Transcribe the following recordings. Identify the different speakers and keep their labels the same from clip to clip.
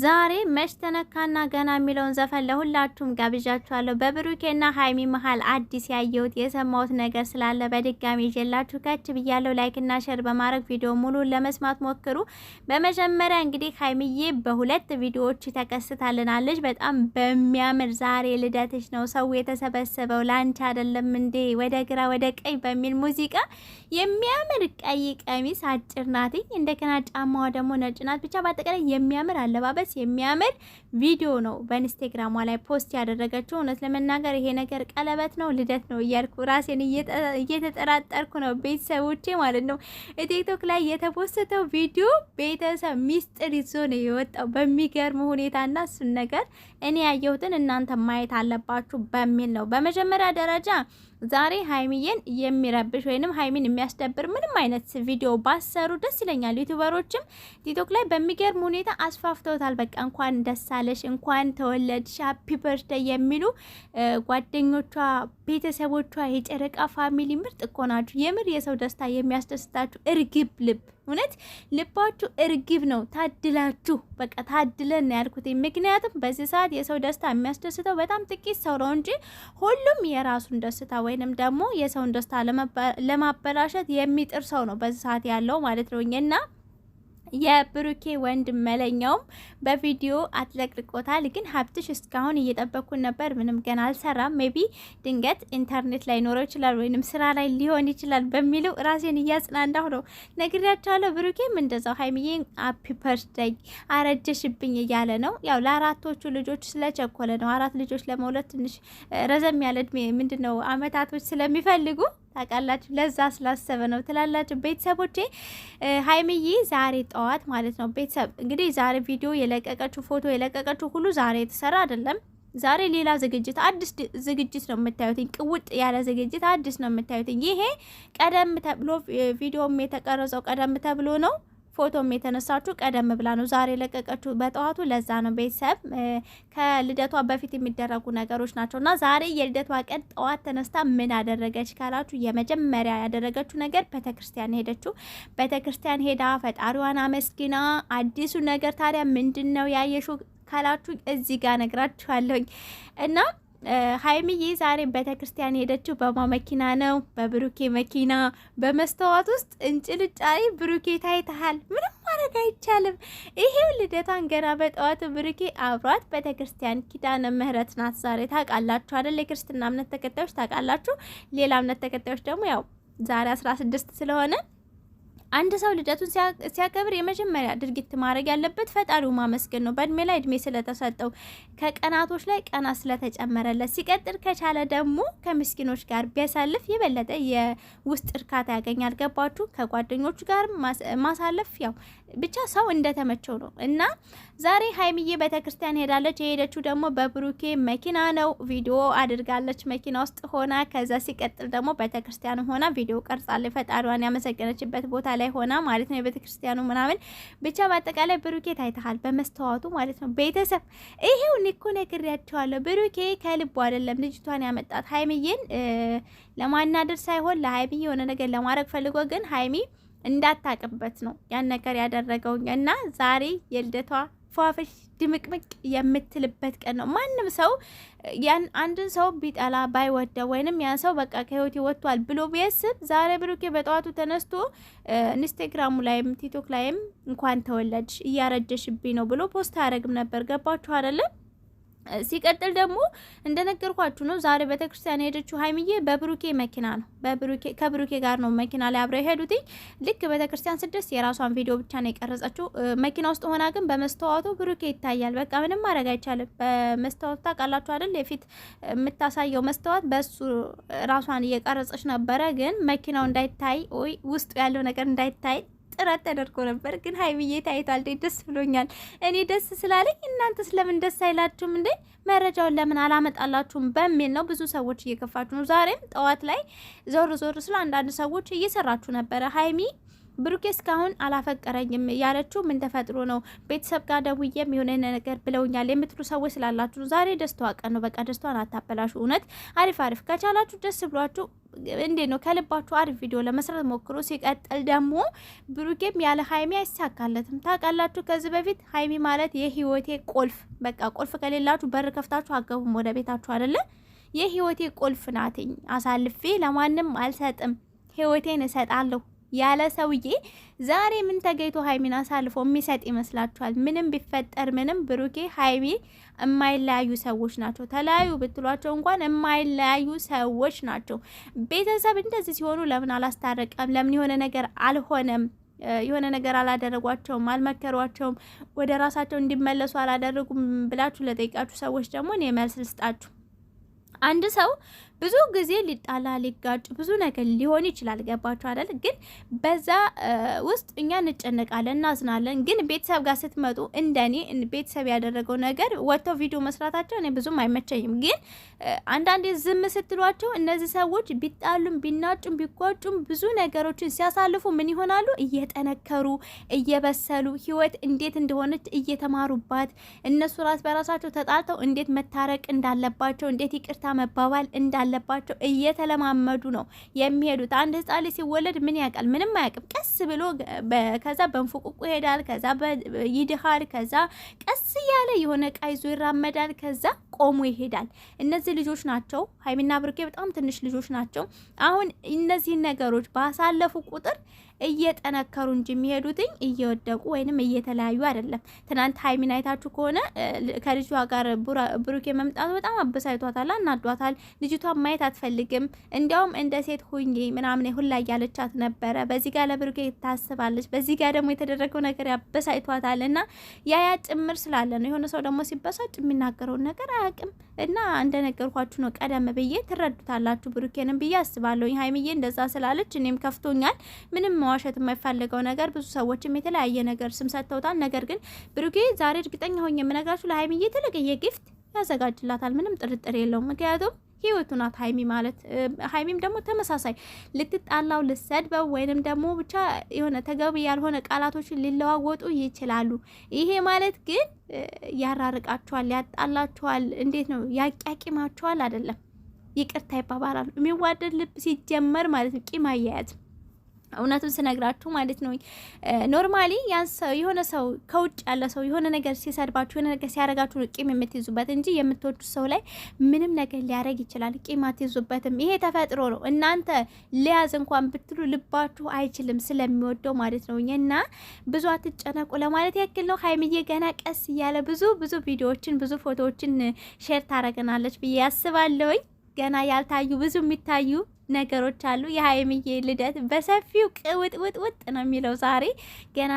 Speaker 1: ዛሬ መች ተነካና ገና የሚለውን ዘፈን ለሁላችሁም ጋብዣችኋለሁ። በብሩኬና ሀይሚ መሀል አዲስ ያየሁት የሰማሁት ነገር ስላለ በድጋሚ ይዤላችሁ ከች ብያለሁ። ላይክና ሸር በማድረግ ቪዲዮ ሙሉ ለመስማት ሞክሩ። በመጀመሪያ እንግዲህ ሀይሚዬ በሁለት ቪዲዮዎች ተከስታልናለች። በጣም በሚያምር ዛሬ ልደትሽ ነው ሰው የተሰበሰበው ላንቺ አይደለም እንዴ ወደ ግራ ወደ ቀኝ በሚል ሙዚቃ የሚያምር ቀይ ቀሚስ አጭር ናትኝ፣ እንደገና ጫማዋ ደግሞ ነጭ ናት። ብቻ በአጠቃላይ የሚያምር አለባበ የሚያስለበስ የሚያምር ቪዲዮ ነው በኢንስታግራሟ ላይ ፖስት ያደረገችው። እውነት ለመናገር ይሄ ነገር ቀለበት ነው ልደት ነው እያልኩ ራሴን እየተጠራጠርኩ ነው ቤተሰቦቼ ማለት ነው። ቲክቶክ ላይ የተፖስተው ቪዲዮ ቤተሰብ ሚስጥር ይዞ ነው የወጣው በሚገርም እና እሱን ነገር እኔ ያየሁትን እናንተ ማየት አለባችሁ በሚል ነው በመጀመሪያ ደረጃ ዛሬ ሀይሚዬን የሚረብሽ ወይንም ሀይሚን የሚያስደብር ምንም አይነት ቪዲዮ ባሰሩ ደስ ይለኛል። ዩቱበሮችም ቲክቶክ ላይ በሚገርም ሁኔታ አስፋፍተውታል። በቃ እንኳን ደስ አለሽ፣ እንኳን ተወለድሽ፣ ሀፒ በርዝደይ የሚሉ ጓደኞቿ፣ ቤተሰቦቿ፣ የጨረቃ ፋሚሊ ምርጥ እኮ ናችሁ። የምር የሰው ደስታ የሚያስደስታችሁ እርግብ ልብ እውነት ልባችሁ እርግብ ነው። ታድላችሁ በቃ ታድለን ነው ያልኩት። ምክንያቱም በዚህ ሰዓት የሰው ደስታ የሚያስደስተው በጣም ጥቂት ሰው ነው እንጂ ሁሉም የራሱን ደስታ ወይንም ደግሞ የሰውን ደስታ ለማበላሸት የሚጥር ሰው ነው በዚህ ሰዓት ያለው ማለት ነው እና የብሩኬ ወንድም መለኛውም በቪዲዮ አጥለቅልቆታል። ግን ሀብትሽ እስካሁን እየጠበኩን ነበር፣ ምንም ገና አልሰራም፣ ሜቢ ድንገት ኢንተርኔት ላይ ኖረው ይችላል ወይንም ስራ ላይ ሊሆን ይችላል በሚለው ራሴን እያጽናናሁ ነው። ነግሬያቸዋለሁ። ብሩኬም እንደዛው ሀይሚዬ አፒ በርዝደይ አረጀሽብኝ እያለ ነው። ያው ለአራቶቹ ልጆች ስለቸኮለ ነው። አራት ልጆች ለመውለድ ትንሽ ረዘም ያለ እድሜ ምንድነው አመታቶች ስለሚፈልጉ ታውቃላችሁ። ለዛ ስላሰበ ነው ትላላችሁ ቤተሰቦቼ። ሀይሚዬ ዛሬ ጠዋት ማለት ነው ቤተሰብ እንግዲህ ዛሬ ቪዲዮ የለቀቀችው ፎቶ የለቀቀችው ሁሉ ዛሬ የተሰራ አይደለም። ዛሬ ሌላ ዝግጅት አዲስ ዝግጅት ነው የምታዩትኝ። ቅውጥ ያለ ዝግጅት አዲስ ነው የምታዩትኝ። ይሄ ቀደም ተብሎ ቪዲዮም የተቀረጸው ቀደም ተብሎ ነው ፎቶም የተነሳችሁ ቀደም ብላ ነው ዛሬ የለቀቀችው በጠዋቱ። ለዛ ነው ቤተሰብ ከልደቷ በፊት የሚደረጉ ነገሮች ናቸው እና ዛሬ የልደቷ ቀን ጠዋት ተነስታ ምን አደረገች ካላችሁ የመጀመሪያ ያደረገችው ነገር ቤተክርስቲያን ሄደችው። ቤተክርስቲያን ሄዳ ፈጣሪዋን አመስግና አዲሱ ነገር ታዲያ ምንድን ነው ያየሽው ካላችሁ እዚህ ጋር ነግራችኋለሁኝ እና ሀይሚዬ ዛሬ ቤተክርስቲያን ሄደችው በማ መኪና ነው? በብሩኬ መኪና። በመስተዋት ውስጥ እንጭልጫሪ ብሩኬ ታይተሃል። ምንም ማድረግ አይቻልም። ይሄው ልደቷን ገና በጠዋቱ ብሩኬ አብሯት ቤተክርስቲያን ኪዳነ ምሕረት ናት ዛሬ። ታውቃላችሁ አይደል? የክርስትና እምነት ተከታዮች ታውቃላችሁ። ሌላ እምነት ተከታዮች ደግሞ ያው ዛሬ አስራ ስድስት ስለሆነ አንድ ሰው ልደቱን ሲያከብር የመጀመሪያ ድርጊት ማድረግ ያለበት ፈጣሪው ማመስገን ነው። በእድሜ ላይ እድሜ ስለተሰጠው፣ ከቀናቶች ላይ ቀናት ስለተጨመረለት፣ ሲቀጥል ከቻለ ደግሞ ከምስኪኖች ጋር ቢያሳልፍ የበለጠ የውስጥ እርካታ ያገኛል። ገባችሁ? ከጓደኞቹ ጋር ማሳለፍ ያው ብቻ ሰው እንደተመቸው ነው እና ዛሬ ሀይሚዬ ቤተክርስቲያን ሄዳለች። የሄደችው ደግሞ በብሩኬ መኪና ነው። ቪዲዮ አድርጋለች መኪና ውስጥ ሆና። ከዛ ሲቀጥል ደግሞ ቤተክርስቲያን ሆና ቪዲዮ ቀርጻለች። ፈጣሪዋን ያመሰገነችበት ቦታ ላይ ላይ ሆና ማለት ነው የቤተ ክርስቲያኑ ምናምን ብቻ በአጠቃላይ ብሩኬ ታይተሃል በመስተዋቱ ማለት ነው። ቤተሰብ ይሄው ኒኮ ነግሬያቸዋለሁ። ብሩኬ ከልቡ አይደለም ልጅቷን ያመጣት ሀይሚዬን ለማናደር ሳይሆን ለሀይሚ የሆነ ነገር ለማድረግ ፈልጎ ግን ሀይሚ እንዳታቅበት ነው ያን ነገር ያደረገው እና ዛሬ የልደቷ ፏፈሽ ድምቅምቅ የምትልበት ቀን ነው። ማንም ሰው ያን አንድን ሰው ቢጠላ ባይወደው ወይንም ያን ሰው በቃ ከህይወት ይወጥቷል ብሎ ቢያስብ ዛሬ ብሩኬ በጠዋቱ ተነስቶ ኢንስታግራሙ ላይም ቲክቶክ ላይም እንኳን ተወለድሽ እያረጀሽብኝ ነው ብሎ ፖስት አያደርግም ነበር። ገባችሁ አይደለም? ሲቀጥል ደግሞ እንደነገርኳችሁ ነው። ዛሬ ቤተክርስቲያን የሄደችው ሀይሚዬ በብሩኬ መኪና ነው። በብሩኬ ከብሩኬ ጋር ነው መኪና ላይ አብረው የሄዱትኝ። ልክ ቤተክርስቲያን ስደርስ የራሷን ቪዲዮ ብቻ ነው የቀረጸችው። መኪና ውስጥ ሆና ግን በመስተዋቱ ብሩኬ ይታያል። በቃ ምንም ማድረግ አይቻልም። በመስተዋቱ ታውቃላችሁ አይደል? የፊት የምታሳየው መስተዋት በሱ ራሷን እየቀረጸች ነበረ። ግን መኪናው እንዳይታይ ወይ ውስጡ ያለው ነገር እንዳይታይ ጥረት ተደርጎ ነበር፣ ግን ሀይሚዬ ታይቷል። ደስ ብሎኛል። እኔ ደስ ስላለኝ እናንተስ ለምን ደስ አይላችሁም እንዴ? መረጃውን ለምን አላመጣላችሁም በሚል ነው። ብዙ ሰዎች እየከፋችሁ ነው። ዛሬም ጠዋት ላይ ዞር ዞር ስለ አንዳንድ ሰዎች እየሰራችሁ ነበረ ሀይሚ ብሩኬ እስካሁን አላፈቀረኝም ያለችው ምን ተፈጥሮ ነው? ቤተሰብ ጋር ደውዬም የሆነ ነገር ብለውኛል የምትሉ ሰዎች ስላላችሁ ዛሬ ደስታዋ ቀን ነው። በቃ ደስታዋን አታበላሹ። እውነት አሪፍ አሪፍ ከቻላችሁ ደስ ብሏችሁ እንዴት ነው ከልባችሁ አሪፍ ቪዲዮ ለመስራት ሞክሮ። ሲቀጥል ደግሞ ብሩኬም ያለ ሀይሚ አይሳካለትም። ታውቃላችሁ፣ ከዚህ በፊት ሀይሚ ማለት የህይወቴ ቁልፍ በቃ ቁልፍ ከሌላችሁ በር ከፍታችሁ አገቡም ወደ ቤታችሁ አይደለ? የህይወቴ ቁልፍ ናትኝ፣ አሳልፌ ለማንም አልሰጥም፣ ህይወቴን እሰጣለሁ ያለ ሰውዬ ዛሬ ምን ተገይቶ ሀይሚን አሳልፎ የሚሰጥ ይመስላችኋል? ምንም ቢፈጠር ምንም ብሩኬ ሀይሚ የማይለያዩ ሰዎች ናቸው። ተለያዩ ብትሏቸው እንኳን የማይለያዩ ሰዎች ናቸው። ቤተሰብ እንደዚህ ሲሆኑ ለምን አላስታረቀም? ለምን የሆነ ነገር አልሆነም? የሆነ ነገር አላደረጓቸውም፣ አልመከሯቸውም፣ ወደ ራሳቸው እንዲመለሱ አላደረጉም ብላችሁ ለጠይቃችሁ ሰዎች ደግሞ እኔ መልስ ልስጣችሁ። አንድ ሰው ብዙ ጊዜ ሊጣላ ሊጋጭ ብዙ ነገር ሊሆን ይችላል። ገባችሁ አይደል? ግን በዛ ውስጥ እኛ እንጨነቃለን፣ እናዝናለን። ግን ቤተሰብ ጋር ስትመጡ እንደኔ ቤተሰብ ያደረገው ነገር ወጥተው ቪዲዮ መስራታቸው እኔ ብዙም አይመቸኝም። ግን አንዳንዴ ዝም ስትሏቸው እነዚህ ሰዎች ቢጣሉም ቢናጩም ቢጓጩም ብዙ ነገሮችን ሲያሳልፉ ምን ይሆናሉ? እየጠነከሩ እየበሰሉ ህይወት እንዴት እንደሆነች እየተማሩባት እነሱ ራስ በራሳቸው ተጣልተው እንዴት መታረቅ እንዳለባቸው እንዴት ይቅርታ መባባል እንዳለ እንዳለባቸው እየተለማመዱ ነው የሚሄዱት። አንድ ህጻን ልጅ ሲወለድ ምን ያውቃል? ምንም አያውቅም። ቀስ ብሎ ከዛ በንፉቁቁ ይሄዳል፣ ከዛ ይድሃል፣ ከዛ ቀስ እያለ የሆነ ቃይዞ ይራመዳል፣ ከዛ ቆሞ ይሄዳል። እነዚህ ልጆች ናቸው ሀይሚና ብርኬ በጣም ትንሽ ልጆች ናቸው። አሁን እነዚህን ነገሮች ባሳለፉ ቁጥር እየጠነከሩ እንጂ የሚሄዱትኝ እየወደቁ ወይንም እየተለያዩ አይደለም። ትናንት ሀይሚን አይታችሁ ከሆነ ከልጇ ጋር ብሩኬ መምጣቱ በጣም አበሳይቷታል፣ አናዷታል። ልጅቷን ማየት አትፈልግም። እንዲያውም እንደ ሴት ሁኝ ምናምን ሁላ እያለቻት ነበረ። በዚህ ጋር ለብሩኬ ታስባለች፣ በዚህ ጋር ደግሞ የተደረገው ነገር ያበሳይቷታል። እና ያያ ጭምር ስላለ ነው የሆነ ሰው ደግሞ ሲበሳጭ የሚናገረውን ነገር አቅም እና እንደነገርኳችሁ ነው። ቀደም ብዬ ትረዱታላችሁ ብሩኬንም ብዬ አስባለሁ። ሀይምዬ እንደዛ ስላለች እኔም ከፍቶኛል። ምንም መዋሸት የማይፈልገው ነገር ብዙ ሰዎችም የተለያየ ነገር ስም ሰጥተውታል። ነገር ግን ብሩኬ ዛሬ እርግጠኛ ሆኜ የምነግራችሁ ለሀይምዬ ትልቅዬ ጊፍት ያዘጋጅላታል። ምንም ጥርጥር የለውም። ምክንያቱም ህይወቱ ናት ሀይሚ ማለት። ሀይሚም ደግሞ ተመሳሳይ ልትጣላው፣ ልሰድበው ወይንም ደግሞ ብቻ የሆነ ተገቢ ያልሆነ ቃላቶችን ሊለዋወጡ ይችላሉ። ይሄ ማለት ግን ያራርቃችኋል፣ ያጣላችኋል፣ እንዴት ነው ያቂያቂማችኋል አይደለም። ይቅርታ ይባባላሉ። የሚዋደድ ልብ ሲጀመር ማለት ነው ቂም አያያዝም እውነቱን ስነግራችሁ ማለት ነው። ኖርማሊ ያን የሆነ ሰው ከውጭ ያለ ሰው የሆነ ነገር ሲሰድባችሁ የሆነ ነገር ሲያደርጋችሁ ቂም የምትይዙበት እንጂ የምትወዱ ሰው ላይ ምንም ነገር ሊያደርግ ይችላል። ቂም አትይዙበትም። ይሄ ተፈጥሮ ነው። እናንተ ሊያዝ እንኳን ብትሉ ልባችሁ አይችልም ስለሚወደው ማለት ነው። እና ብዙ አትጨነቁ ለማለት ያክል ነው። ሀይሚዬ ገና ቀስ እያለ ብዙ ብዙ ቪዲዮዎችን ብዙ ፎቶዎችን ሼር ታደርገናለች ብዬ ያስባለሁኝ። ገና ያልታዩ ብዙ የሚታዩ ነገሮች አሉ። የሀይሚዬ ልደት በሰፊው ቅውጥውጥውጥ ነው የሚለው ዛሬ ገና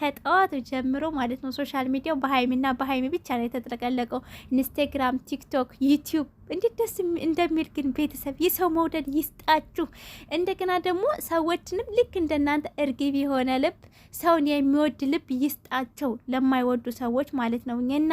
Speaker 1: ከጠዋቱ ጀምሮ ማለት ነው። ሶሻል ሚዲያው በሀይሚና በሀይሚ ብቻ ነው የተጥለቀለቀው። ኢንስታግራም፣ ቲክቶክ፣ ዩቲዩብ እንዴት ደስ እንደሚል ግን ቤተሰብ የሰው መውደድ ይስጣችሁ። እንደገና ደግሞ ሰዎችንም ልክ እንደናንተ እርግብ የሆነ ልብ ሰውን የሚወድ ልብ ይስጣቸው፣ ለማይወዱ ሰዎች ማለት ነው። እና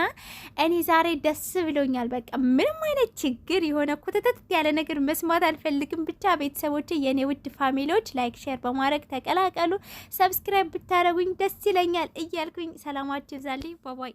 Speaker 1: እኔ ዛሬ ደስ ብሎኛል። በቃ ምንም አይነት ችግር የሆነ ኮተተት ያለ ነገር መስማት አልፈልግም። ብቻ ቤተሰቦች፣ የእኔ ውድ ፋሚሊዎች ላይክ፣ ሼር በማድረግ ተቀላቀሉ። ሰብስክራይብ ብታደረጉኝ ደስ ይለኛል እያልኩኝ ሰላማችሁ ይብዛልኝ። ባባይ